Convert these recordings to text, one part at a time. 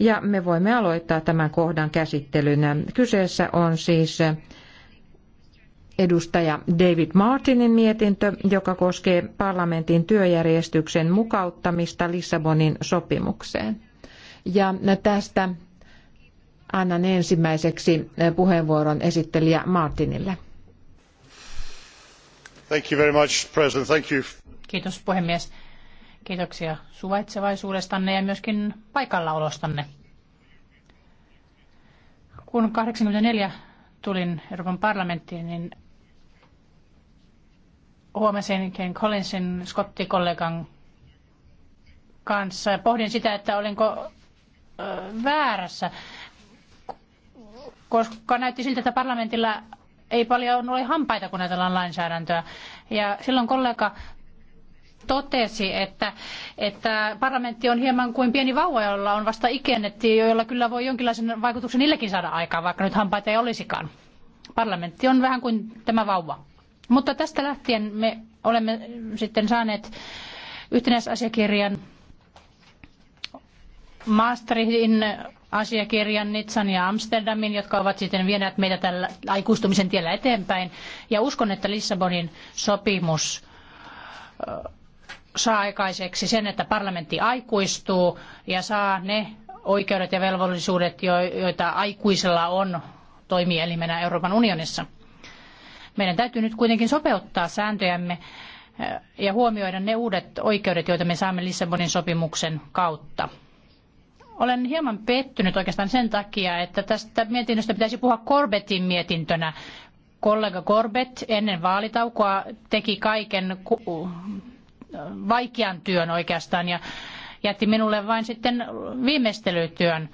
ja me voimme aloittaa tämän kohdan käsittelyn. Kyseessä on siis edustaja David Martinin mietintö, joka koskee parlamentin työjärjestyksen mukauttamista Lissabonin sopimukseen. Ja tästä annan ensimmäiseksi puheenvuoron esittelijä Martinille. Thank you very much, President. Thank you. Kiitos puhemies. Kiitoksia suvaitsevaisuudestanne ja myöskin paikallaolostanne. Kun 84 tulin Euroopan parlamenttiin, niin huomasin Ken Collinsin skottikollegan kanssa ja pohdin sitä, että olinko väärässä, koska näytti siltä, että parlamentilla ei paljon ole hampaita, kun ajatellaan lainsäädäntöä. Ja silloin kollega totesi, että, että parlamentti on hieman kuin pieni vauva, jolla on vasta ikennetti, jolla kyllä voi jonkinlaisen vaikutuksen niillekin saada aikaan, vaikka nyt hampaita ei olisikaan. Parlamentti on vähän kuin tämä vauva. Mutta tästä lähtien me olemme sitten saaneet yhtenäisasiakirjan Maastrichtin asiakirjan Nitsan ja Amsterdamin, jotka ovat sitten vieneet meitä tällä aikuistumisen tiellä eteenpäin. Ja uskon, että Lissabonin sopimus saa aikaiseksi sen, että parlamentti aikuistuu ja saa ne oikeudet ja velvollisuudet, joita aikuisella on toimielimenä Euroopan unionissa. Meidän täytyy nyt kuitenkin sopeuttaa sääntöjämme eh, ja huomioida ne uudet oikeudet, joita me saamme Lissabonin sopimuksen kautta. Olen hieman pettynyt oikeastaan sen takia, että tästä mietinnöstä pitäisi puhua Corbettin mietintönä. Kollega Corbett ennen vaalitaukoa teki kaiken vaikean työn oikeastaan ja jätti minulle vain sitten viimeistelytyön.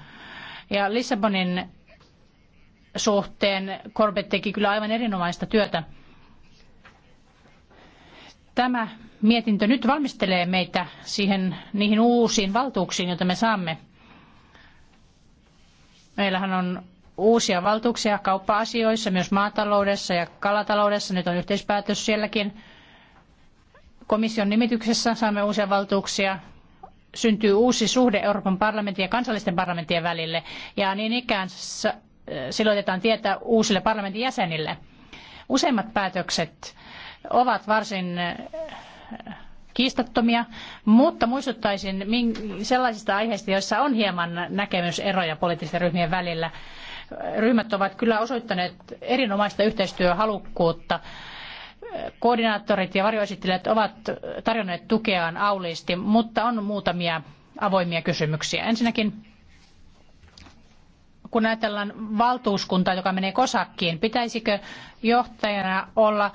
Ja Lissabonin suhteen Corbett teki kyllä aivan erinomaista työtä. Tämä mietintö nyt valmistelee meitä siihen, niihin uusiin valtuuksiin, joita me saamme. Meillähän on uusia valtuuksia kauppa-asioissa, myös maataloudessa ja kalataloudessa. Nyt on yhteispäätös sielläkin komission nimityksessä saamme uusia valtuuksia, syntyy uusi suhde Euroopan parlamentin ja kansallisten parlamenttien välille ja niin ikään siloitetaan tietä uusille parlamentin jäsenille. Useimmat päätökset ovat varsin eh, kiistattomia, mutta muistuttaisin sellaisista aiheista, joissa on hieman näkemyseroja poliittisten ryhmien välillä. Ryhmät ovat kyllä osoittaneet erinomaista yhteistyöhalukkuutta koordinaattorit ja varjoesittelijät ovat tarjonneet tukeaan auliisti, mutta on muutamia avoimia kysymyksiä. Ensinnäkin, kun ajatellaan valtuuskuntaa, joka menee kosakkiin, pitäisikö johtajana olla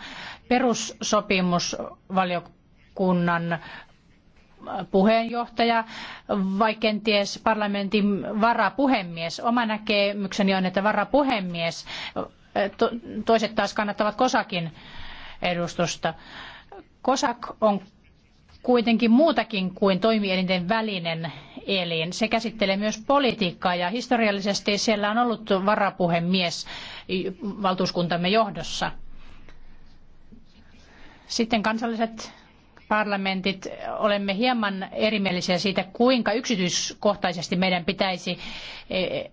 perussopimusvaliokunnan puheenjohtaja vai kenties parlamentin varapuhemies. Oma näkemykseni on, että varapuhemies, toiset taas kannattavat kosakin edustusta. COSAC on kuitenkin muutakin kuin toimielinten välinen elin. Se käsittelee myös politiikkaa ja historiallisesti siellä on ollut varapuhemies valtuuskuntamme johdossa. Sitten kansalliset parlamentit olemme hieman erimielisiä siitä, kuinka yksityiskohtaisesti meidän pitäisi eh,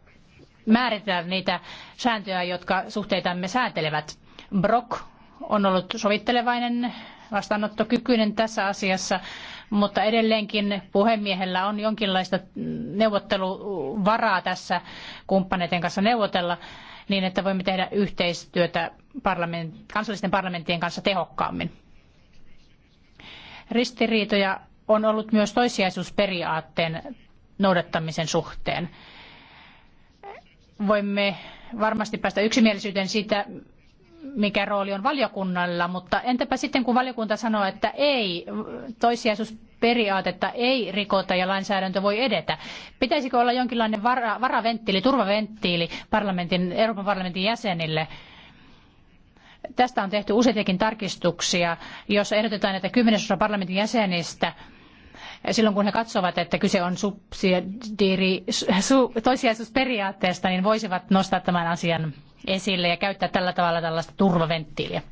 määritellä niitä sääntöjä, jotka suhteitamme säätelevät. Brok on ollut sovittelevainen, vastaanottokykyinen tässä asiassa, mutta edelleenkin puhemiehellä on jonkinlaista neuvotteluvaraa tässä kumppaneiden kanssa neuvotella niin, että voimme tehdä yhteistyötä parlament, kansallisten parlamenttien kanssa tehokkaammin. Ristiriitoja on ollut myös toissijaisuusperiaatteen noudattamisen suhteen. Voimme varmasti päästä yksimielisyyteen siitä, mikä rooli on valiokunnalla, mutta entäpä sitten kun valiokunta sanoo, että ei, toissijaisuusperiaatetta ei rikota ja lainsäädäntö voi edetä. Pitäisikö olla jonkinlainen vara, varaventtiili, turvaventtiili parlamentin, Euroopan parlamentin jäsenille? Tästä on tehty useitakin tarkistuksia, jossa ehdotetaan, että kymmenesosa parlamentin jäsenistä silloin kun he katsovat, että kyse on subsidiari, su, toissijaisuusperiaatteesta, niin voisivat nostaa tämän asian esille ja käyttää tällä tavalla tällaista turvaventtiiliä.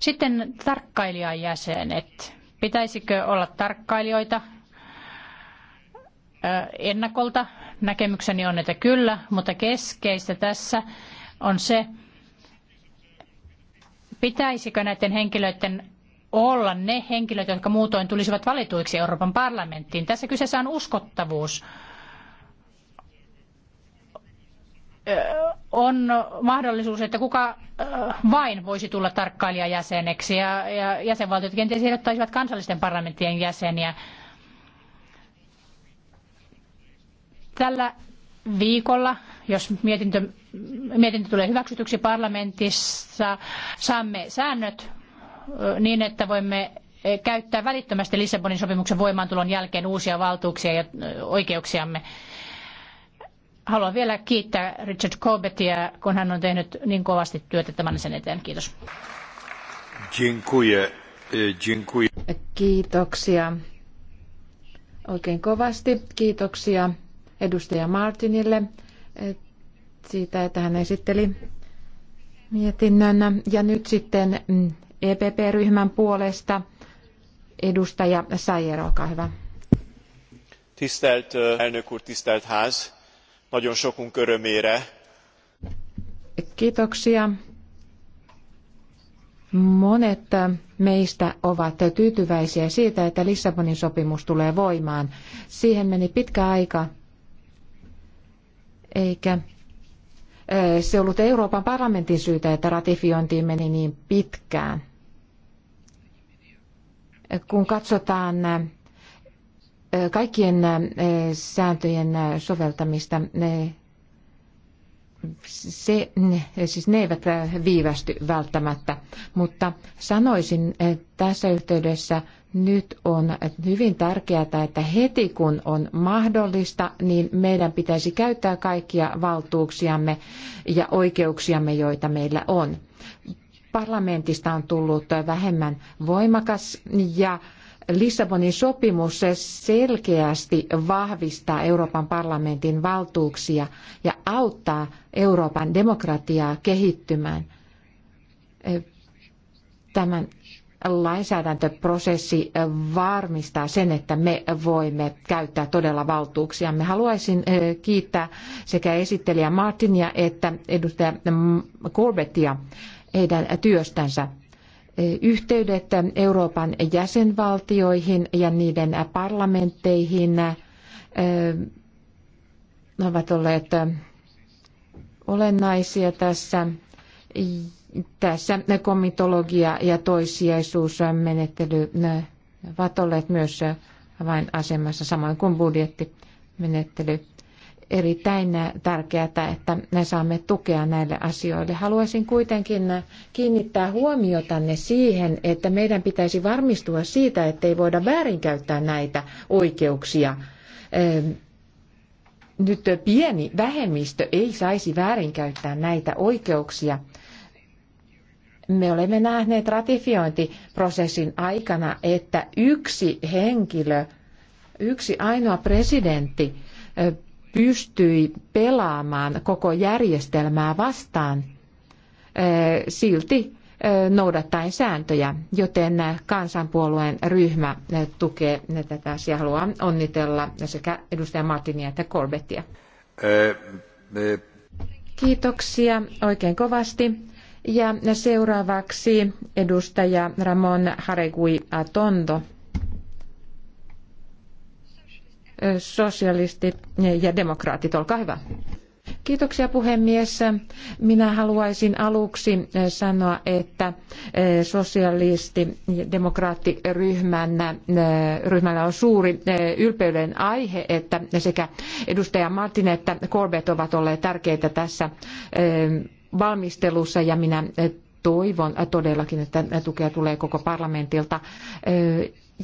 Sitten jäsenet. Pitäisikö olla tarkkailijoita ennakolta? Näkemykseni on, että kyllä, mutta keskeistä tässä on se, pitäisikö näiden henkilöiden olla ne henkilöt, jotka muutoin tulisivat valituiksi Euroopan parlamenttiin. Tässä kyseessä on uskottavuus on mahdollisuus, että kuka äh, vain voisi tulla tarkkailijajäseneksi ja, ja jäsenvaltiot kenties ehdottaisivat kansallisten parlamenttien jäseniä. Tällä viikolla, jos mietintö, mietintö tulee hyväksytyksi parlamentissa, saamme säännöt äh, niin, että voimme äh, käyttää välittömästi Lissabonin sopimuksen voimaantulon jälkeen uusia valtuuksia ja oikeuksiamme haluan vielä kiittää Richard Corbettia, kun hän on tehnyt niin kovasti työtä tämän sen eteen. Kiitos. E, Kiitoksia oikein kovasti. Kiitoksia edustaja Martinille e, siitä, että hän esitteli mietinnön. Ja nyt sitten mm, EPP-ryhmän puolesta edustaja Sajer, olkaa hyvä. Tisztelt e, elnök úr, tisztelt ház! nagyon sokunk örömére. Kiitoksia. Monet meistä ovat tyytyväisiä siitä, että Lissabonin sopimus tulee voimaan. Siihen meni pitkä aika, eikä se ollut Euroopan parlamentin syytä, että ratifiointiin meni niin pitkään. Kun katsotaan kaikkien sääntöjen soveltamista. Se, siis ne eivät viivästy välttämättä, mutta sanoisin että tässä yhteydessä nyt on hyvin tärkeää, että heti kun on mahdollista, niin meidän pitäisi käyttää kaikkia valtuuksiamme ja oikeuksiamme, joita meillä on. Parlamentista on tullut vähemmän voimakas ja Lissabonin sopimus selkeästi vahvistaa Euroopan parlamentin valtuuksia ja auttaa Euroopan demokratiaa kehittymään. Tämän lainsäädäntöprosessi varmistaa sen, että me voimme käyttää todella valtuuksiamme. Haluaisin eh, kiittää sekä esittelijä Martinia että edustaja Corbettia heidän työstänsä Eh, yhteydet Euroopan jäsenvaltioihin ja niiden parlamentteihin eh, ovat olleet olennaisia tässä. Tässä komitologia ja toissijaisuusmenettely ovat olleet myös avainasemassa, samoin kuin budjettimenettely erittäin tärkeää, että me saamme tukea näille asioille. Haluaisin kuitenkin kiinnittää huomiotanne siihen, että meidän pitäisi varmistua siitä, ettei voida väärinkäyttää näitä oikeuksia. Ehm, nyt pieni vähemmistö ei saisi väärinkäyttää näitä oikeuksia. Me olemme nähneet ratifiointiprosessin aikana, että yksi henkilö, yksi ainoa presidentti pystyi pelaamaan koko järjestelmää vastaan eh, silti eh, noudattaen sääntöjä, joten kansanpuolueen ryhmä eh, tukee tätä asiaa. Haluan onnitella sekä edustaja Martinia että Corbettia. Kiitoksia oikein kovasti. Ja seuraavaksi edustaja Ramon Haregui Atondo. sosialistit ja demokraatit, olkaa hyvä. Kiitoksia puhemies. Minä haluaisin aluksi sanoa, että eh, sosialisti- ja eh, ryhmällä on suuri eh, ylpeyden aihe, että sekä edustaja Martin että Corbett ovat olleet tärkeitä tässä valmistelussa ja minä toivon todellakin, että tukea tulee koko parlamentilta.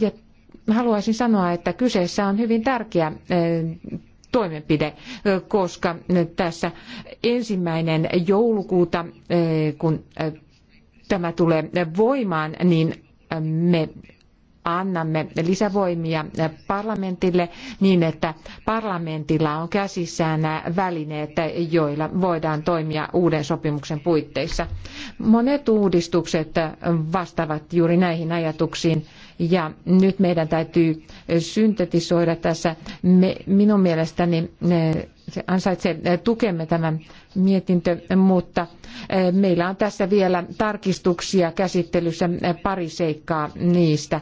Ja haluaisin sanoa, että kyseessä on hyvin tärkeä eh, toimenpide, eh, koska tässä ensimmäinen joulukuuta, eh, kun tämä tulee voimaan, niin me annamme lisävoimia parlamentille niin, että parlamentilla on käsissään nämä välineet, joilla voidaan toimia uuden sopimuksen puitteissa. Monet uudistukset vastaavat juuri näihin ajatuksiin. Ja nyt meidän täytyy syntetisoida tässä. Me, minun mielestäni eh, se ansaitsee tukemme tämä mietintö, mutta eh, meillä on tässä vielä tarkistuksia käsittelyssä eh, pari seikkaa niistä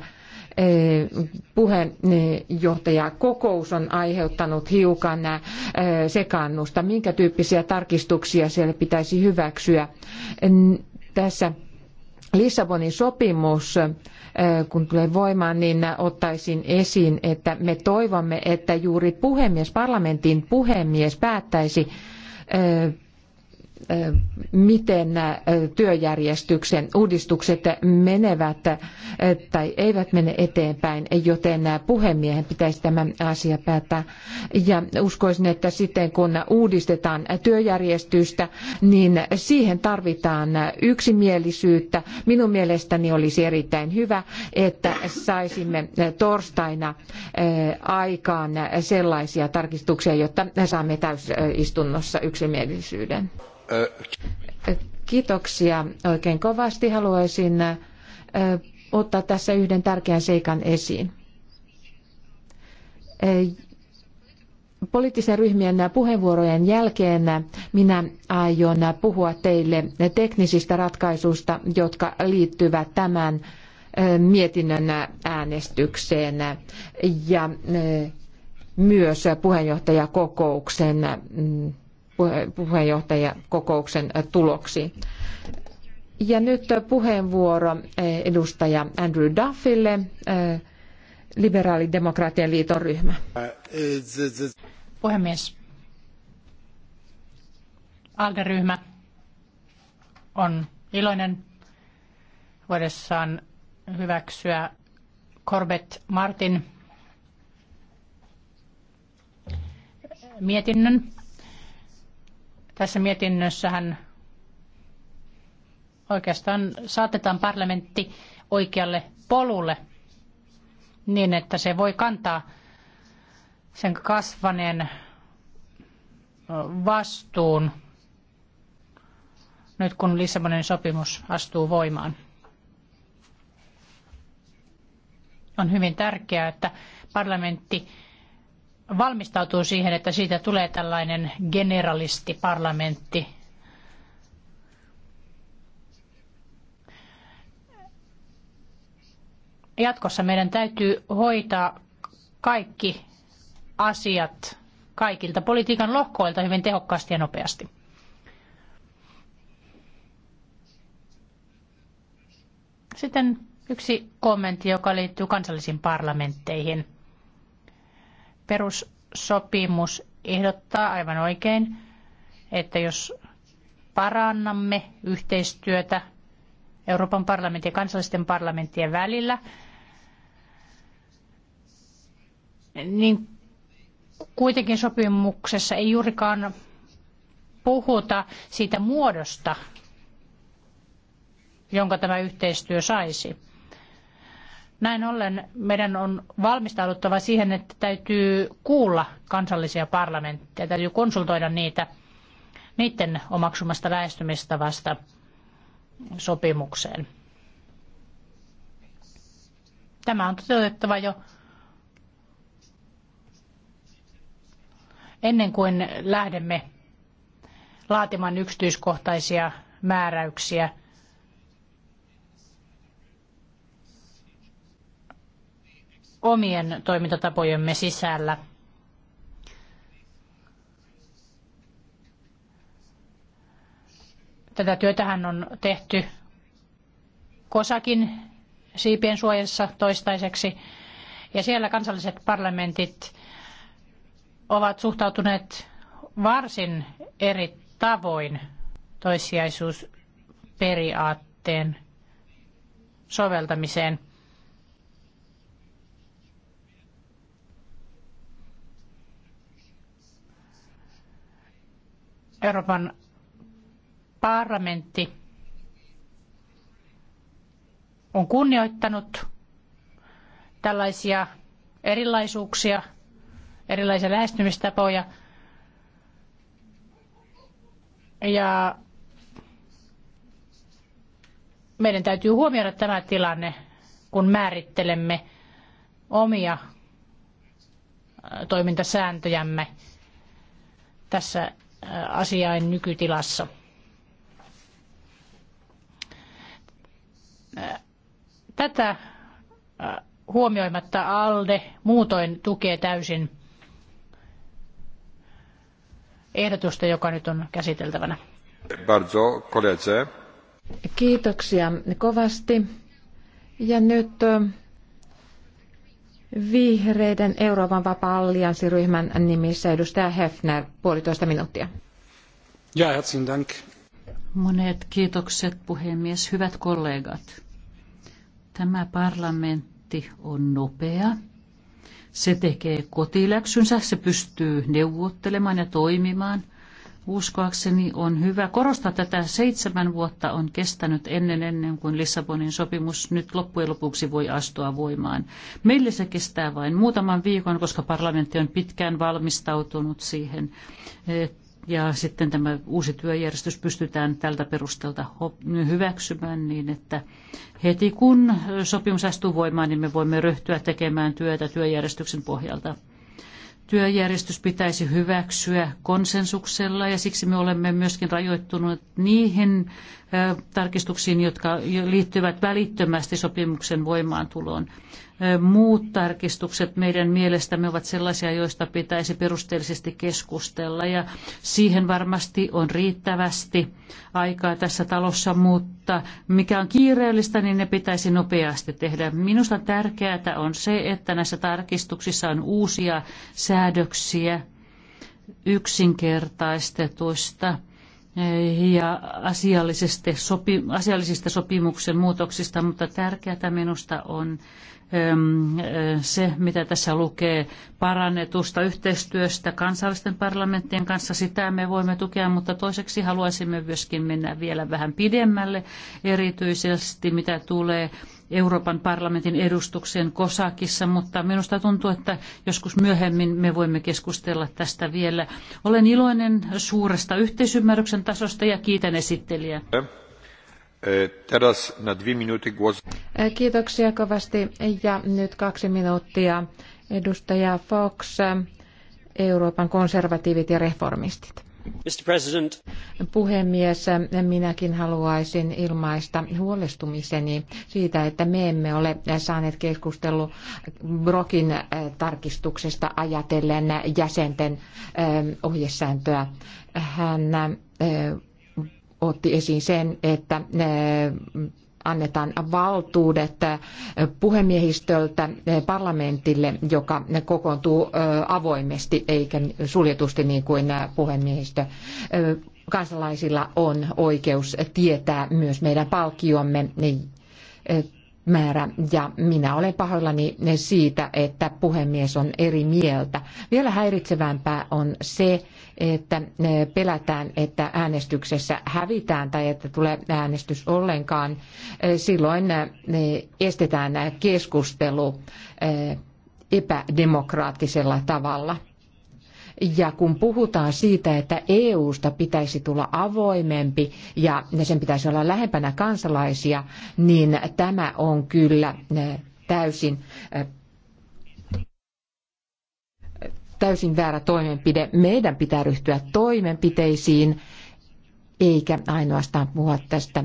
puheenjohtajakokous on aiheuttanut hiukan sekaannusta. Minkä tyyppisiä tarkistuksia siellä pitäisi hyväksyä? Tässä Lissabonin sopimus, kun tulee voimaan, niin ottaisin esiin, että me toivomme, että juuri puhemies, parlamentin puhemies päättäisi miten työjärjestyksen uudistukset menevät tai eivät mene eteenpäin, joten puhemiehen pitäisi tämä asia päättää. Ja uskoisin, että sitten kun uudistetaan työjärjestystä, niin siihen tarvitaan yksimielisyyttä. Minun mielestäni olisi erittäin hyvä, että saisimme torstaina aikaan sellaisia tarkistuksia, jotta saamme täysistunnossa yksimielisyyden. Kiitoksia oikein kovasti. Haluaisin ottaa tässä yhden tärkeän seikan esiin. Poliittisen ryhmien puheenvuorojen jälkeen minä aion puhua teille teknisistä ratkaisuista, jotka liittyvät tämän mietinnön äänestykseen ja myös puheenjohtajakokouksen mm, puheenjohtajakokouksen äh, tuloksiin. Ja nyt äh, puheenvuoro äh, edustaja Andrew Duffille, liberaalidemokraattien liiton ryhmä. Puhemies. ALDE-ryhmä on iloinen voidessaan hyväksyä Corbett Martin mietinnön tässä mietinnössähän oikeastaan saatetaan parlamentti oikealle polulle niin, että se voi kantaa sen kasvaneen vastuun nyt kun Lissabonin sopimus astuu voimaan. On hyvin tärkeää, että parlamentti valmistautuu siihen, että siitä tulee tällainen generalistiparlamentti. Jatkossa meidän täytyy hoitaa kaikki asiat kaikilta politiikan lohkoilta hyvin tehokkaasti ja nopeasti. Sitten yksi kommentti, joka liittyy kansallisiin parlamentteihin – Perussopimus ehdottaa aivan oikein, että jos parannamme yhteistyötä Euroopan parlamentin ja kansallisten parlamenttien välillä, niin kuitenkin sopimuksessa ei juurikaan puhuta siitä muodosta, jonka tämä yhteistyö saisi. Näin ollen meidän on valmistauduttava siihen, että täytyy kuulla kansallisia parlamentteja, täytyy konsultoida niitä niiden omaksumasta lähestymistavasta sopimukseen. Tämä on toteutettava jo ennen kuin lähdemme laatimaan yksityiskohtaisia määräyksiä – omien toimintatapojemme sisällä. Tätä työtähän on tehty kosakin siipien suojassa toistaiseksi. Ja siellä kansalliset parlamentit ovat suhtautuneet varsin eri tavoin toissijaisuusperiaatteen soveltamiseen. Euroopan parlamentti on kunnioittanut tällaisia erilaisuuksia, erilaisia lähestymistapoja. Ja meidän täytyy huomioida tämä tilanne, kun määrittelemme omia toimintasääntöjämme. Tässä Äh, asiain nykytilassa. Äh, tätä äh, huomioimatta ALDE muutoin tukee täysin ehdotusta, joka nyt on käsiteltävänä. Bardzo, koledze. Kiitoksia kovasti. Ja nyt Vihreiden Euroopan vapaa-allianssiryhmän nimissä edustaja Hefner, puolitoista minuuttia. Ja, herzlichen Dank. Monet kiitokset puhemies, hyvät kollegat. Tämä parlamentti on nopea. Se tekee kotiläksynsä, se pystyy neuvottelemaan ja toimimaan – uskoakseni on hyvä korostaa tätä. Seitsemän vuotta on kestänyt ennen ennen kuin Lissabonin sopimus nyt loppujen lopuksi voi astua voimaan. Meille se kestää vain muutaman viikon, koska parlamentti on pitkään valmistautunut siihen. Eh, ja sitten tämä uusi työjärjestys pystytään tältä perustelta hyväksymään niin, että heti kun sopimus astuu voimaan, niin me voimme ryhtyä tekemään työtä työjärjestyksen pohjalta työjärjestys pitäisi hyväksyä konsensuksella ja siksi me olemme myöskin rajoittuneet niihin tarkistuksiin, jotka liittyvät välittömästi sopimuksen voimaantuloon muut tarkistukset meidän mielestämme ovat sellaisia, joista pitäisi perusteellisesti keskustella ja siihen varmasti on riittävästi aikaa tässä talossa, mutta mikä on kiireellistä, niin ne pitäisi nopeasti tehdä. Minusta tärkeää on se, että näissä tarkistuksissa on uusia säädöksiä yksinkertaistetuista ja asiallisista, sopi, asiallisista sopimuksen muutoksista, mutta tärkeää minusta on se, mitä tässä lukee parannetusta yhteistyöstä kansallisten parlamenttien kanssa, sitä me voimme tukea, mutta toiseksi haluaisimme myöskin mennä vielä vähän pidemmälle, erityisesti mitä tulee Euroopan parlamentin edustukseen Kosakissa, mutta minusta tuntuu, että joskus myöhemmin me voimme keskustella tästä vielä. Olen iloinen suuresta yhteisymmärryksen tasosta ja kiitän esittelijää. E, e, kiitoksia kovasti ja nyt kaksi minuuttia edustaja Fox, Euroopan konservatiivit ja reformistit. Mr. Puhemies, minäkin haluaisin ilmaista huolestumiseni siitä, että me emme ole saaneet keskustelu Brokin e, tarkistuksesta ajatellen jäsenten ohjesääntöä. Hän otti esiin sen, että annetaan valtuudet puhemiehistöltä parlamentille, joka kokoontuu avoimesti eikä suljetusti niin kuin puhemiehistö. Kansalaisilla on oikeus tietää myös meidän palkkiomme niin, määrä ja minä olen pahoillani siitä, että puhemies on eri mieltä. Vielä häiritsevämpää on se, että eh, pelätään, että äänestyksessä hävitään tai että tulee äänestys ollenkaan. Eh, silloin eh, estetään keskustelu epädemokraattisella tavalla. Ja kun puhutaan siitä, että EUsta pitäisi tulla avoimempi ja sen pitäisi olla lähempänä kansalaisia, niin tämä on kyllä täysin täysin väärä toimenpide. Meidän pitää ryhtyä toimenpiteisiin, eikä ainoastaan puhua tästä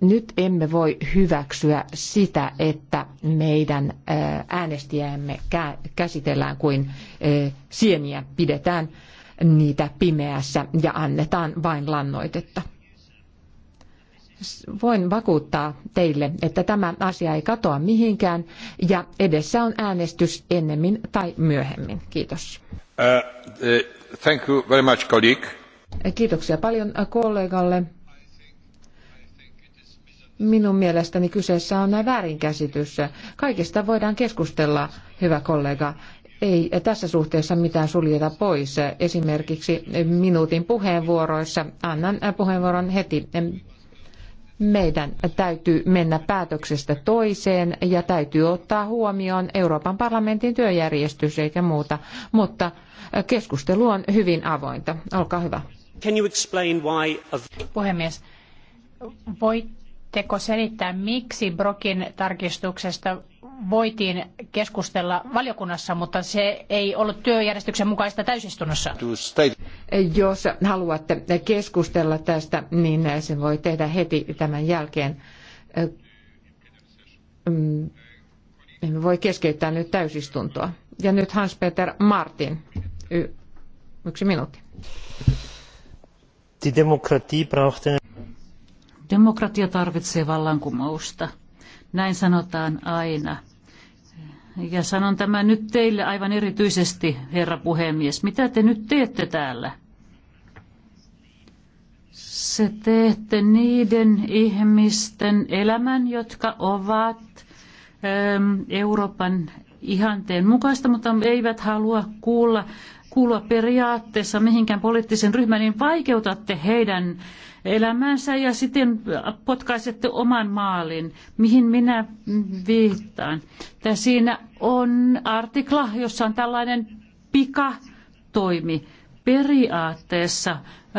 nyt emme voi hyväksyä sitä, että meidän äänestäjämme käsitellään kuin sieniä, pidetään niitä pimeässä ja annetaan vain lannoitetta. Voin vakuuttaa teille, että tämä asia ei katoa mihinkään ja edessä on äänestys ennemmin tai myöhemmin. Kiitos. Uh, uh, thank you very much, colleague. Kiitoksia paljon kollegalle. Minun mielestäni kyseessä on väärinkäsitys. Kaikesta voidaan keskustella, hyvä kollega. Ei tässä suhteessa mitään suljeta pois. Esimerkiksi minuutin puheenvuoroissa annan puheenvuoron heti meidän täytyy mennä päätöksestä toiseen ja täytyy ottaa huomioon Euroopan parlamentin työjärjestys eikä muuta, mutta keskustelu on hyvin avointa. Olkaa hyvä. Can you explain why... Puhemies, voit Voitteko selittää, miksi Brokin tarkistuksesta voitiin keskustella valiokunnassa, mutta se ei ollut työjärjestyksen mukaista täysistunnossa. Jos haluatte keskustella tästä, niin sen voi tehdä heti tämän jälkeen. Emme voi keskeyttää nyt täysistuntoa. Ja nyt Hans-Peter Martin. Y- yksi minuutti. Die Demokratie braucht eine Demokratia tarvitsee vallankumousta. Näin sanotaan aina. Ja sanon tämän nyt teille aivan erityisesti, herra puhemies. Mitä te nyt teette täällä? Se teette niiden ihmisten elämän, jotka ovat ähm, Euroopan ihanteen mukaista, mutta eivät halua kuulla, kuulua periaatteessa mihinkään poliittisen ryhmän, niin vaikeutatte heidän elämäänsä ja sitten potkaisette oman maalin, mihin minä viittaan. Tää siinä on artikla, jossa on tällainen pikatoimi. Periaatteessa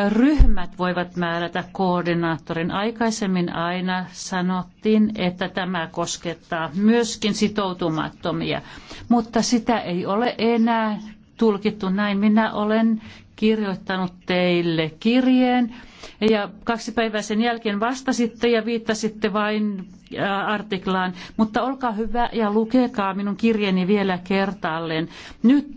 ryhmät voivat määrätä koordinaattorin. Aikaisemmin aina sanottiin, että tämä koskettaa myöskin sitoutumattomia, mutta sitä ei ole enää tulkittu näin. Minä olen kirjoittanut teille kirjeen ja kaksi päivää sen jälkeen vastasitte ja viittasitte vain artiklaan, mutta olkaa hyvä ja lukekaa minun kirjeeni vielä kertaalleen. Nyt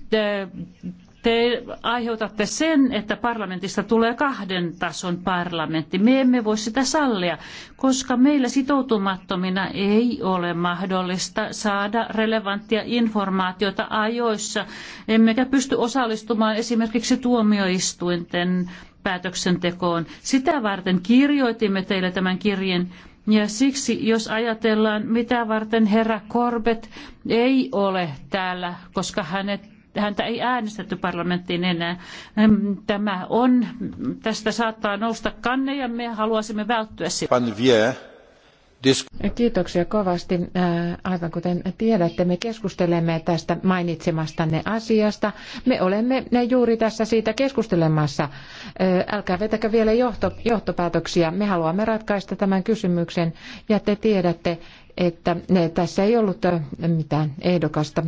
te aiheutatte sen, että parlamentista tulee kahden tason parlamentti. Me emme voi sitä sallia, koska meillä sitoutumattomina ei ole mahdollista saada relevanttia informaatiota ajoissa, emmekä pysty osallistumaan esimerkiksi tuomioistuinten päätöksentekoon. Sitä varten kirjoitimme teille tämän kirjeen ja siksi, jos ajatellaan, mitä varten herra Corbett ei ole täällä, koska hänet, häntä ei äänestetty parlamenttiin enää, tämä on, tästä saattaa nousta kanne ja me haluaisimme välttyä sitä. Kiitoksia kovasti. Äh, aivan kuten tiedätte, me keskustelemme tästä mainitsemastanne asiasta. Me olemme juuri tässä siitä keskustelemassa. Äh, älkää vetäkö vielä johtopäätöksiä. Me haluamme ratkaista tämän kysymyksen ja te tiedätte, että äh, tässä ei ollut mitään ehdokasta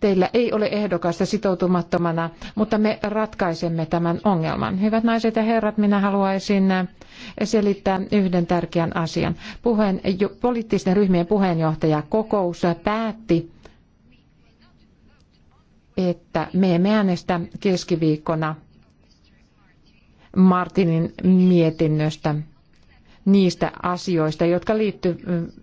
teillä ei ole ehdokasta sitoutumattomana, mutta me ratkaisemme tämän ongelman. Hyvät naiset ja herrat, minä haluaisin selittää yhden tärkeän asian. Puheen, jo, poliittisten ryhmien puheenjohtajakokous päätti, että me emme äänestä keskiviikkona Martinin mietinnöstä niistä asioista, jotka liitty,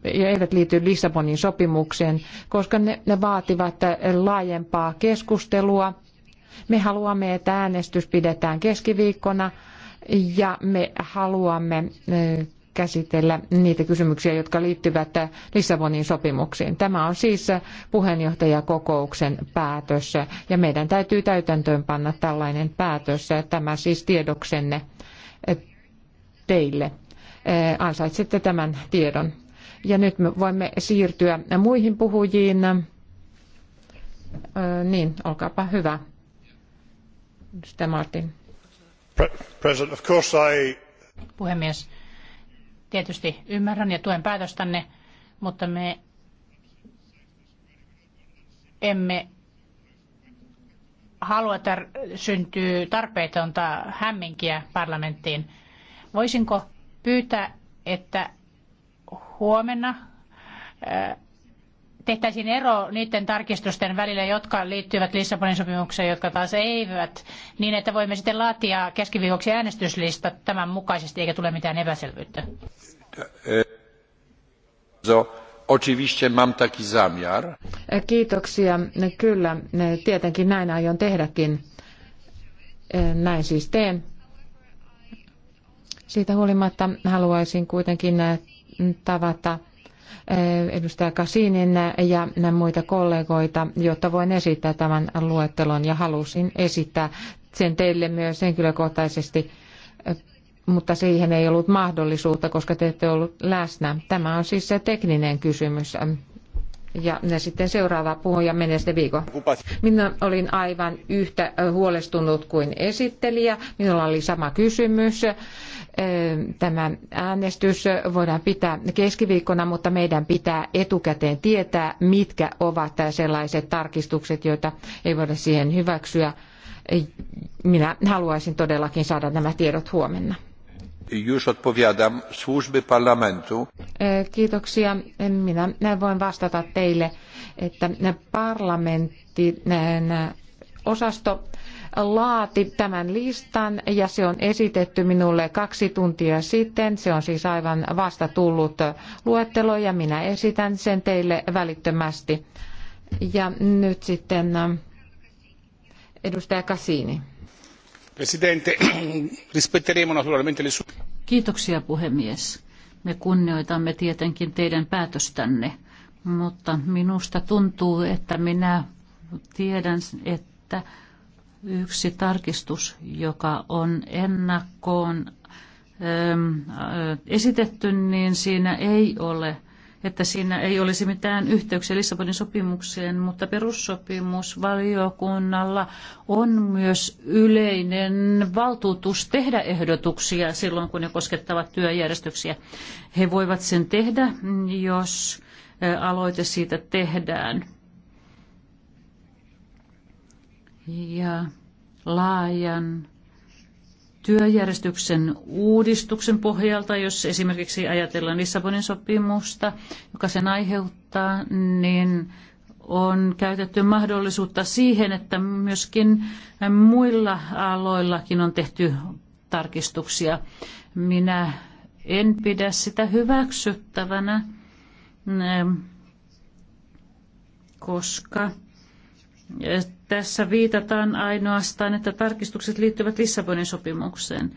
eivät liity Lissabonin sopimukseen, koska ne, ne vaativat laajempaa keskustelua. Me haluamme, että äänestys pidetään keskiviikkona ja me haluamme käsitellä niitä kysymyksiä, jotka liittyvät Lissabonin sopimuksiin. Tämä on siis puheenjohtajakokouksen päätös ja meidän täytyy täytäntöönpanna tällainen päätös. Tämä siis tiedoksenne teille. Eh, ansaitsette tämän tiedon. Ja nyt me voimme siirtyä muihin puhujiin. Eh, niin, olkaapa hyvä. Sitä Martin. President, of course I... Puhemies, tietysti ymmärrän ja tuen päätöstänne, mutta me emme halua, että syntyy tarpeetonta hämminkiä parlamenttiin. Voisinko pyytää, että huomenna tehtäisiin ero niiden tarkistusten välillä, jotka liittyvät Lissabonin sopimukseen, jotka taas eivät, niin että voimme sitten laatia keskiviikoksi äänestyslista tämän mukaisesti, eikä tule mitään epäselvyyttä. Oczywiście mam taki zamiar. Kiitoksia. Kyllä, tietenkin näin aion tehdäkin. Näin siis teen. Siitä huolimatta haluaisin kuitenkin äh, tavata äh, edustaja Kasinin ja äh, muita kollegoita, jotta voin esittää tämän luettelon ja halusin esittää sen teille myös henkilökohtaisesti, mutta siihen ei ollut mahdollisuutta, koska te ette ollut läsnä. Tämä on siis se tekninen kysymys, ja sitten seuraava puhuja Meneste viikon. Minä olin aivan yhtä huolestunut kuin esittelijä. Minulla oli sama kysymys. Tämä äänestys voidaan pitää keskiviikkona, mutta meidän pitää etukäteen tietää, mitkä ovat sellaiset tarkistukset, joita ei voida siihen hyväksyä. Minä haluaisin todellakin saada nämä tiedot huomenna. Już odpowiadam. Służby parlamentu. Kiitoksia. Minä voin vastata teille, että parlamentti osasto laati tämän listan ja se on esitetty minulle kaksi tuntia sitten. Se on siis aivan vasta tullut luettelo ja minä esitän sen teille välittömästi. Ja nyt sitten edustaja Cassini. Presidente, rispetteremo naturalmente le Kiitoksia puhemies me kunnioitamme tietenkin teidän päätöstänne, mutta minusta tuntuu, että minä tiedän, että yksi tarkistus, joka on ennakkoon ähm, äh, esitetty, niin siinä ei ole – että siinä ei olisi mitään yhteyksiä Lissabonin sopimukseen, mutta perussopimusvaliokunnalla on myös yleinen valtuutus tehdä ehdotuksia silloin, kun ne koskettavat työjärjestyksiä. He voivat sen tehdä, jos aloite siitä tehdään. Ja laajan työjärjestyksen uudistuksen pohjalta, jos esimerkiksi ajatellaan Lissabonin sopimusta, joka sen aiheuttaa, niin on käytetty mahdollisuutta siihen, että myöskin muilla aloillakin on tehty tarkistuksia. Minä en pidä sitä hyväksyttävänä, ehm, koska tässä viitataan ainoastaan, että tarkistukset liittyvät Lissabonin sopimukseen.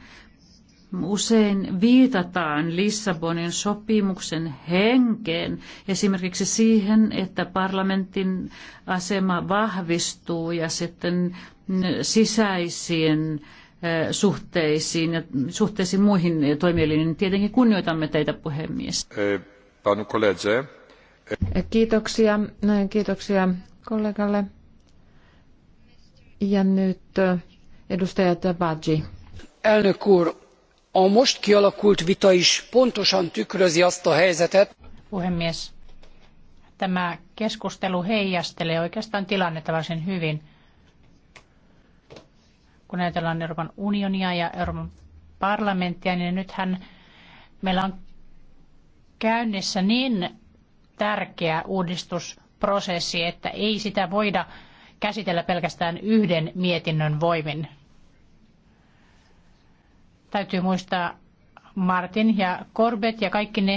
Usein viitataan Lissabonin sopimuksen henkeen, esimerkiksi siihen, että parlamentin asema vahvistuu ja sitten sisäisiin eh, suhteisiin ja suhteisiin muihin toimielimiin. Tietenkin kunnioitamme teitä, puhemies. Eh, kiitoksia, kiitoksia kollegalle. Ja nyt eh, edustaja Tabadji. Elnök úr, a most kialakult vita is pontosan tükrözi azt a helyzetet. Puhemies, tämä keskustelu heijastelee oikeastaan tilannetta varsin hyvin. Kun ajatellaan Euroopan unionia ja Euroopan parlamenttia, niin nythän meillä on käynnissä niin tärkeä uudistusprosessi, että ei sitä voida käsitellä pelkästään yhden mietinnön voimin. Täytyy muistaa Martin ja Corbett ja kaikki ne,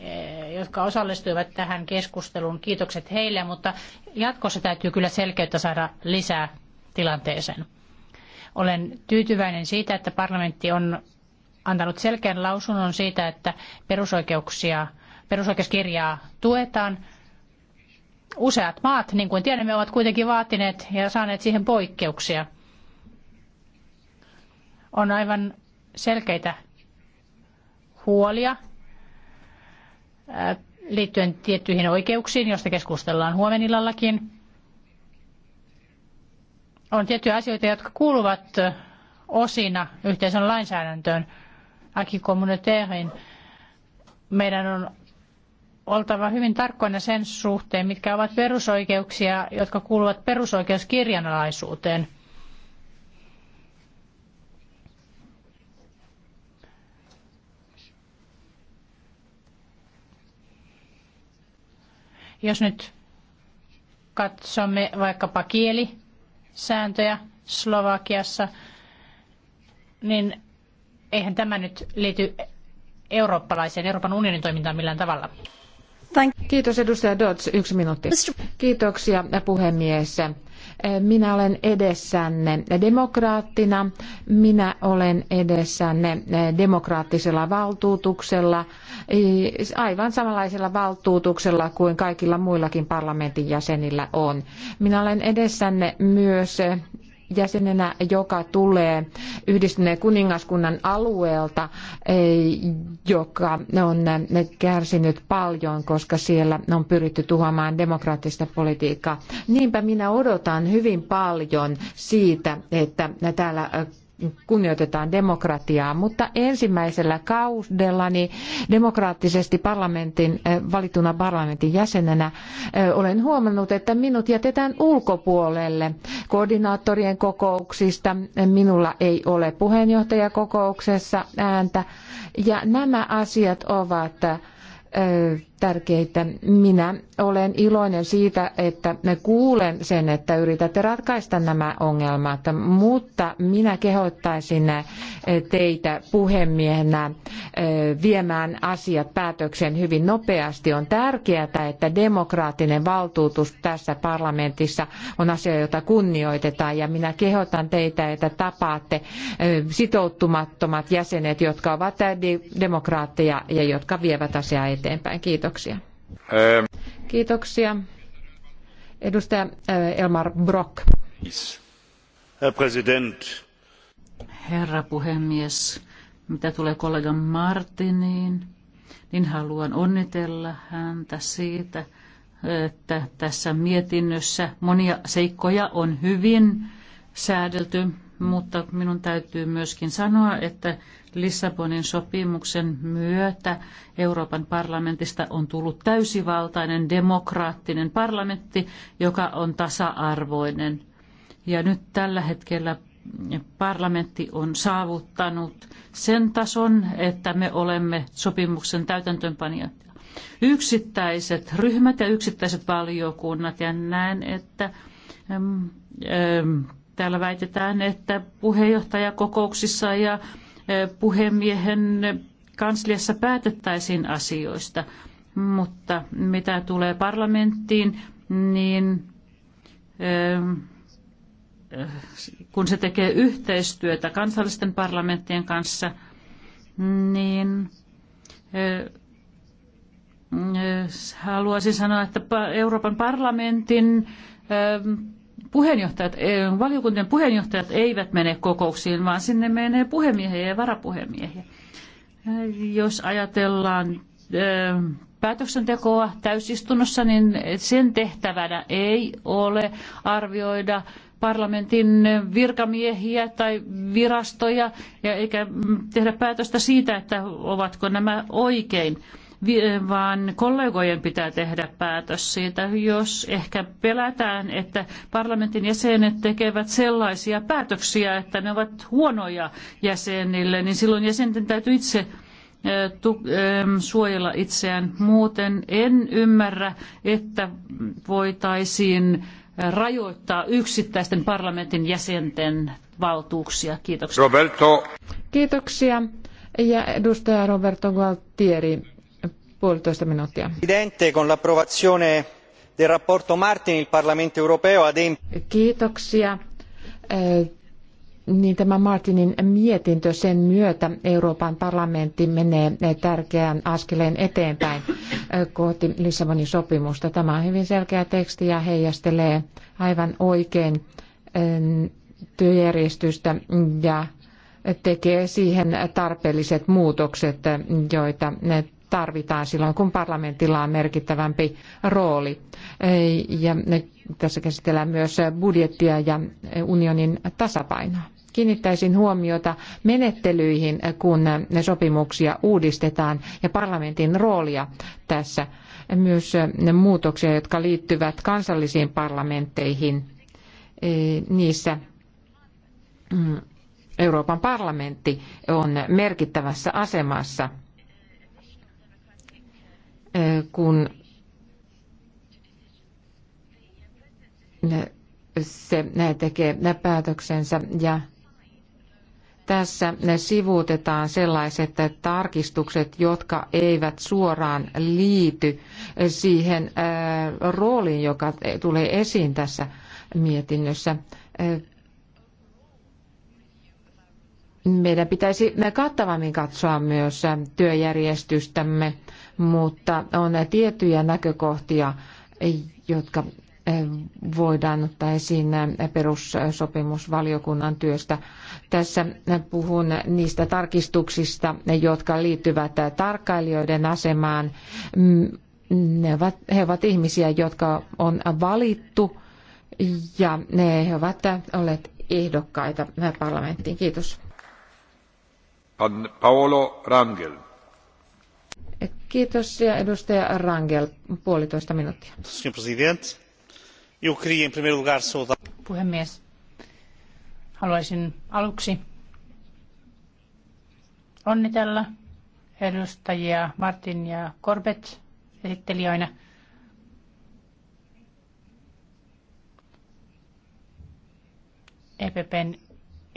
eh, jotka osallistuivat tähän keskusteluun. Kiitokset heille, mutta jatkossa täytyy kyllä selkeyttä saada lisää tilanteeseen. Olen tyytyväinen siitä, että parlamentti on antanut selkeän lausunnon siitä, että perusoikeuksia, perusoikeuskirjaa tuetaan – Useat maat, niin kuin tiedämme, ovat kuitenkin vaatineet ja saaneet siihen poikkeuksia. On aivan selkeitä huolia äh, liittyen tiettyihin oikeuksiin, joista keskustellaan huomenillallakin. On tiettyjä asioita, jotka kuuluvat äh, osina yhteisön lainsäädäntöön, aki Meidän on oltava hyvin tarkkoina sen suhteen, mitkä ovat perusoikeuksia, jotka kuuluvat perusoikeuskirjan alaisuuteen. Jos nyt katsomme vaikkapa kielisääntöjä Slovakiassa, niin eihän tämä nyt liity eurooppalaiseen Euroopan unionin toimintaan millään tavalla. Kiitos edustaja Dodds, yksi minuutti. Kiitoksia puhemies. Minä olen edessänne demokraattina, minä olen edessänne demokraattisella valtuutuksella, aivan samanlaisella valtuutuksella kuin kaikilla muillakin parlamentin jäsenillä on. Minä olen edessänne myös jäsenenä, joka tulee yhdistyneen kuningaskunnan alueelta, e, joka on kärsinyt paljon, koska siellä on pyritty tuhoamaan demokraattista politiikkaa. Niinpä minä odotan hyvin paljon siitä, että täällä kunnioitetaan demokratiaa, mutta ensimmäisellä kaudellani demokraattisesti parlamentin, eh, valituna parlamentin jäsenenä eh, olen huomannut, että minut jätetään ulkopuolelle koordinaattorien kokouksista. Minulla ei ole puheenjohtajakokouksessa ääntä ja nämä asiat ovat eh, tärkeitä. Minä olen iloinen siitä, että kuulen sen, että yritätte ratkaista nämä ongelmat, mutta minä kehottaisin eh, teitä puhemiehenä eh, viemään asiat päätökseen hyvin nopeasti. On tärkeää, että demokraattinen valtuutus tässä parlamentissa on asia, jota kunnioitetaan ja minä kehotan teitä, että tapaatte eh, sitoutumattomat jäsenet, jotka ovat demokraatteja ja jotka vievät asiaa eteenpäin. Kiitos. Kiitoksia. Kiitoksia. Edustaja Elmar Brok. Herr President. Herra puhemies, mitä tulee kollega Martiniin, niin haluan onnitella häntä siitä, että tässä mietinnössä monia seikkoja on hyvin säädelty, mutta minun täytyy myöskin sanoa, että Lissabonin sopimuksen myötä Euroopan parlamentista on tullut täysivaltainen demokraattinen parlamentti, joka on tasa-arvoinen. Ja nyt tällä hetkellä parlamentti on saavuttanut sen tason, että me olemme sopimuksen täytäntöönpanijat. Yksittäiset ryhmät ja yksittäiset valiokunnat, ja näen, että äm, äm, täällä väitetään, että puheenjohtajakokouksissa ja puhemiehen kansliassa päätettäisiin asioista. Mutta mitä tulee parlamenttiin, niin kun se tekee yhteistyötä kansallisten parlamenttien kanssa, niin haluaisin sanoa, että Euroopan parlamentin puheenjohtajat, eh, valiokuntien puheenjohtajat eivät mene kokouksiin, vaan sinne menee puhemiehiä ja varapuhemiehiä. Eh, jos ajatellaan eh, päätöksentekoa täysistunnossa, niin sen tehtävänä ei ole arvioida parlamentin virkamiehiä tai virastoja, eikä mm, tehdä päätöstä siitä, että ovatko nämä oikein Eh, vaan kollegojen pitää tehdä päätös siitä, jos ehkä pelätään, että parlamentin jäsenet tekevät sellaisia päätöksiä, että ne ovat huonoja jäsenille, niin silloin jäsenten täytyy itse eh, eh, suojella itseään. Muuten en ymmärrä, että voitaisiin rajoittaa yksittäisten parlamentin jäsenten valtuuksia. Kiitoksia. Roberto. Kiitoksia. Ja edustaja Roberto Gualtieri puolitoista minuuttia. Kiitoksia. Eh, niin tämä Martinin mietintö sen myötä Euroopan parlamentti menee eh, tärkeän askeleen eteenpäin eh, kohti Lissabonin sopimusta. Tämä on hyvin selkeä teksti ja heijastelee aivan oikein työjärjestystä ja tekee siihen tarpeelliset muutokset, joita tarvitaan silloin, kun parlamentilla on merkittävämpi rooli. Ja tässä käsitellään myös budjettia ja unionin tasapainoa. Kiinnittäisin huomiota menettelyihin, kun sopimuksia uudistetaan ja parlamentin roolia tässä. Myös ne muutoksia, jotka liittyvät kansallisiin parlamentteihin. E, niissä mm, Euroopan parlamentti on merkittävässä asemassa – kun se tekee päätöksensä ja tässä ne sivuutetaan sellaiset tarkistukset, jotka eivät suoraan liity siihen rooliin, joka tulee esiin tässä mietinnössä. Meidän pitäisi kattavammin katsoa myös työjärjestystämme mutta on tiettyjä näkökohtia, jotka eh, voidaan ottaa esiin eh, perussopimusvaliokunnan työstä. Tässä eh, puhun niistä tarkistuksista, jotka liittyvät tarkkailijoiden asemaan. Mm, ovat, he ovat ihmisiä, jotka on valittu ja ne ovat olleet ehdokkaita parlamenttiin. Kiitos. Paolo Rangel. Kiitos ja edustaja Rangel, puolitoista minuuttia. Puhemies, haluaisin aluksi onnitella edustajia Martin ja Corbett esittelijöinä. EPPn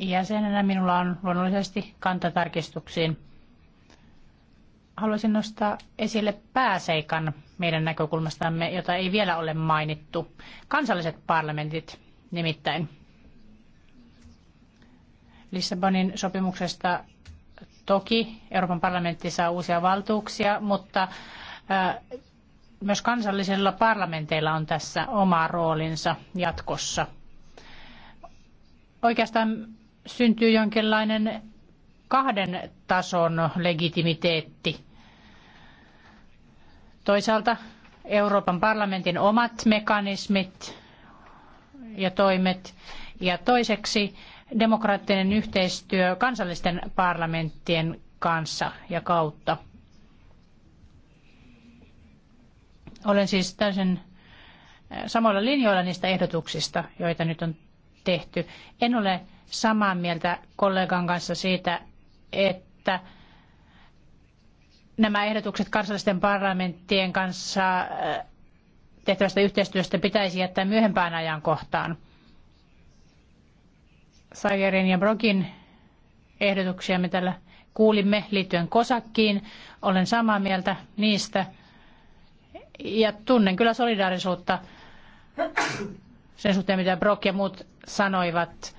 jäsenenä minulla on luonnollisesti kantatarkistuksiin haluaisin nostaa esille pääseikan meidän näkökulmastamme, jota ei vielä ole mainittu. Kansalliset parlamentit nimittäin. Lissabonin sopimuksesta toki Euroopan parlamentti saa uusia valtuuksia, mutta myös kansallisilla parlamenteilla on tässä oma roolinsa jatkossa. Oikeastaan syntyy jonkinlainen kahden tason legitimiteetti. Toisaalta Euroopan parlamentin omat mekanismit ja toimet ja toiseksi demokraattinen yhteistyö kansallisten parlamenttien kanssa ja kautta. Olen siis täysin äh, samoilla linjoilla niistä ehdotuksista, joita nyt on tehty. En ole samaa mieltä kollegan kanssa siitä, että nämä ehdotukset kansallisten parlamenttien kanssa äh, tehtävästä yhteistyöstä pitäisi jättää myöhempään ajankohtaan. Sagerin ja Brokin ehdotuksia me täällä kuulimme liittyen Kosakkiin. Olen samaa mieltä niistä ja tunnen kyllä solidaarisuutta sen suhteen, mitä Brock ja muut sanoivat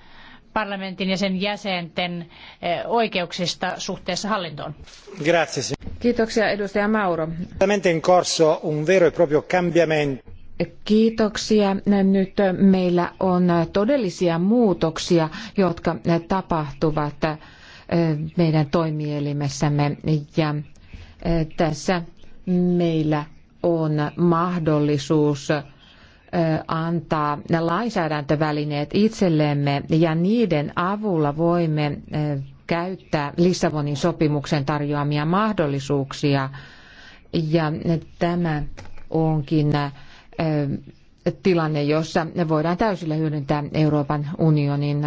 parlamentin ja sen jäsenten eh, oikeuksista suhteessa hallintoon. Grazie. Kiitoksia edustaja Mauro. In corso un vero e proprio cambiamento. Kiitoksia. Nyt meillä on todellisia muutoksia, jotka tapahtuvat eh, meidän toimielimessämme ja eh, tässä meillä on mahdollisuus antaa lainsäädäntövälineet itsellemme ja niiden avulla voimme käyttää Lissabonin sopimuksen tarjoamia mahdollisuuksia. Ja tämä onkin tilanne, jossa voidaan täysillä hyödyntää Euroopan unionin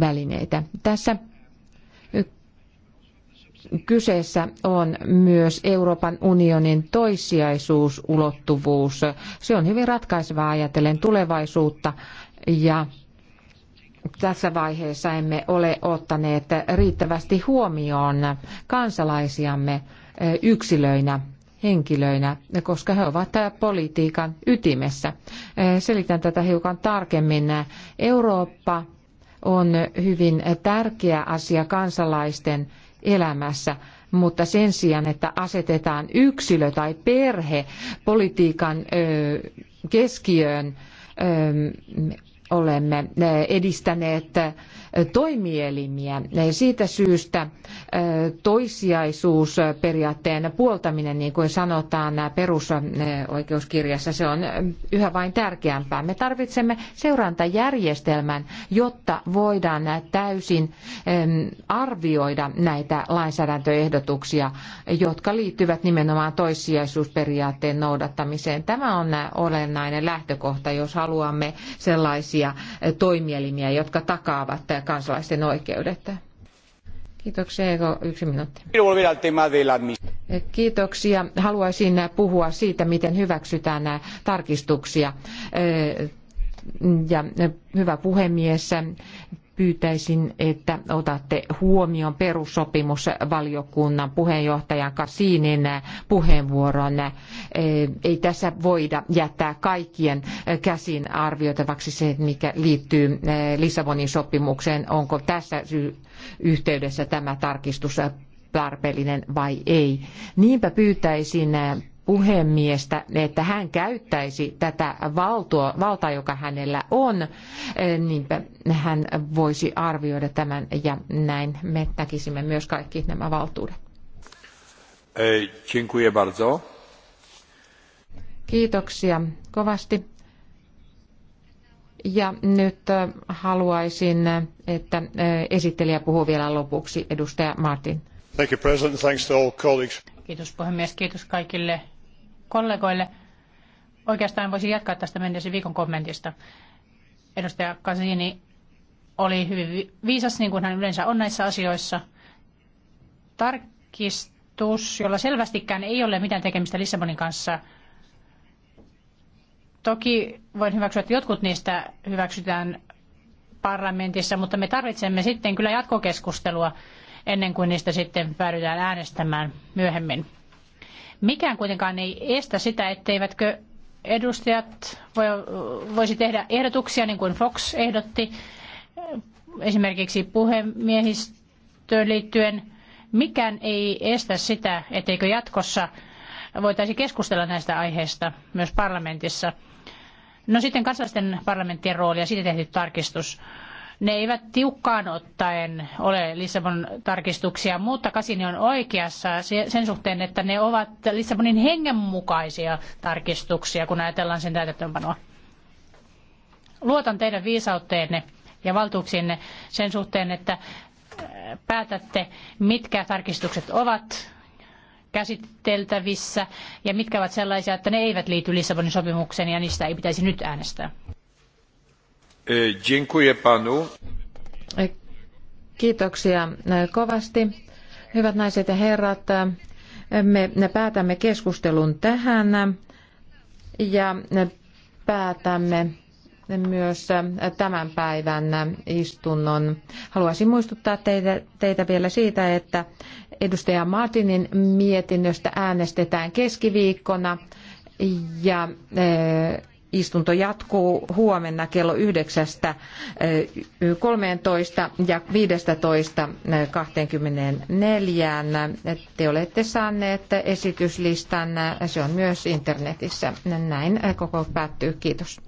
välineitä. Tässä Kyseessä on myös Euroopan unionin toissijaisuusulottuvuus. Se on hyvin ratkaisevaa ajatellen tulevaisuutta ja tässä vaiheessa emme ole ottaneet riittävästi huomioon kansalaisiamme yksilöinä, henkilöinä, koska he ovat politiikan ytimessä. Selitän tätä hiukan tarkemmin. Eurooppa on hyvin tärkeä asia kansalaisten elämässä, mutta sen sijaan, että asetetaan yksilö tai perhe politiikan keskiöön, olemme edistäneet toimielimiä. Siitä syystä toissijaisuusperiaatteen puoltaminen, niin kuin sanotaan perusoikeuskirjassa, se on yhä vain tärkeämpää. Me tarvitsemme seurantajärjestelmän, jotta voidaan täysin arvioida näitä lainsäädäntöehdotuksia, jotka liittyvät nimenomaan toissijaisuusperiaatteen noudattamiseen. Tämä on olennainen lähtökohta, jos haluamme sellaisia toimielimiä, jotka takaavat kansalaisten oikeudet. Kiitoksia, Eko. Yksi minuutti. Kiitoksia. Haluaisin puhua siitä, miten hyväksytään nämä tarkistuksia. Ja hyvä puhemies, pyytäisin, että otatte huomioon perussopimusvaliokunnan puheenjohtajan Kasinin puheenvuoron. Ei tässä voida jättää kaikkien käsin arvioitavaksi se, mikä liittyy Lissabonin sopimukseen. Onko tässä yhteydessä tämä tarkistus tarpeellinen vai ei. Niinpä pyytäisin puhemiestä, että hän käyttäisi tätä valtua, valtaa, joka hänellä on, niin hän voisi arvioida tämän ja näin me näkisimme myös kaikki nämä valtuudet. E, dziękuję bardzo. Kiitoksia kovasti. Ja nyt haluaisin, että esittelijä puhuu vielä lopuksi, edustaja Martin. Thank you, President. Thanks to all colleagues. Kiitos puhemies, kiitos kaikille kollegoille. Oikeastaan voisin jatkaa tästä menneisen viikon kommentista. Edustaja Kasini oli hyvin viisas, niin kuin hän yleensä on näissä asioissa. Tarkistus, jolla selvästikään ei ole mitään tekemistä Lissabonin kanssa. Toki voin hyväksyä, että jotkut niistä hyväksytään parlamentissa, mutta me tarvitsemme sitten kyllä jatkokeskustelua ennen kuin niistä sitten päädytään äänestämään myöhemmin. Mikään kuitenkaan ei estä sitä, etteivätkö edustajat voi, voisi tehdä ehdotuksia, niin kuin Fox ehdotti, esimerkiksi puhemiehistöön liittyen. Mikään ei estä sitä, etteikö jatkossa voitaisi keskustella näistä aiheista myös parlamentissa. No sitten kansallisten parlamenttien rooli ja siitä tehty tarkistus. Ne eivät tiukkaan ottaen ole Lissabonin tarkistuksia, mutta Kasini on oikeassa sen suhteen, että ne ovat Lissabonin hengen mukaisia tarkistuksia, kun ajatellaan sen täytäntöönpanoa. Luotan teidän viisauteenne ja valtuuksiinne sen suhteen, että äh, päätätte, mitkä tarkistukset ovat käsiteltävissä ja mitkä ovat sellaisia, että ne eivät liity Lissabonin sopimukseen ja niistä ei pitäisi nyt äänestää. E, e, kiitoksia e, kovasti. Hyvät naiset ja herrat, me päätämme keskustelun tähän ja päätämme myös tämän päivän istunnon. Haluaisin muistuttaa teitä, teitä vielä siitä, että edustaja Martinin mietinnöstä äänestetään keskiviikkona ja Istunto jatkuu huomenna kello 9.13 eh, ja 15.24. Eh, Te olette saaneet esityslistan, eh, se on myös internetissä. Näin kokous päättyy. Kiitos.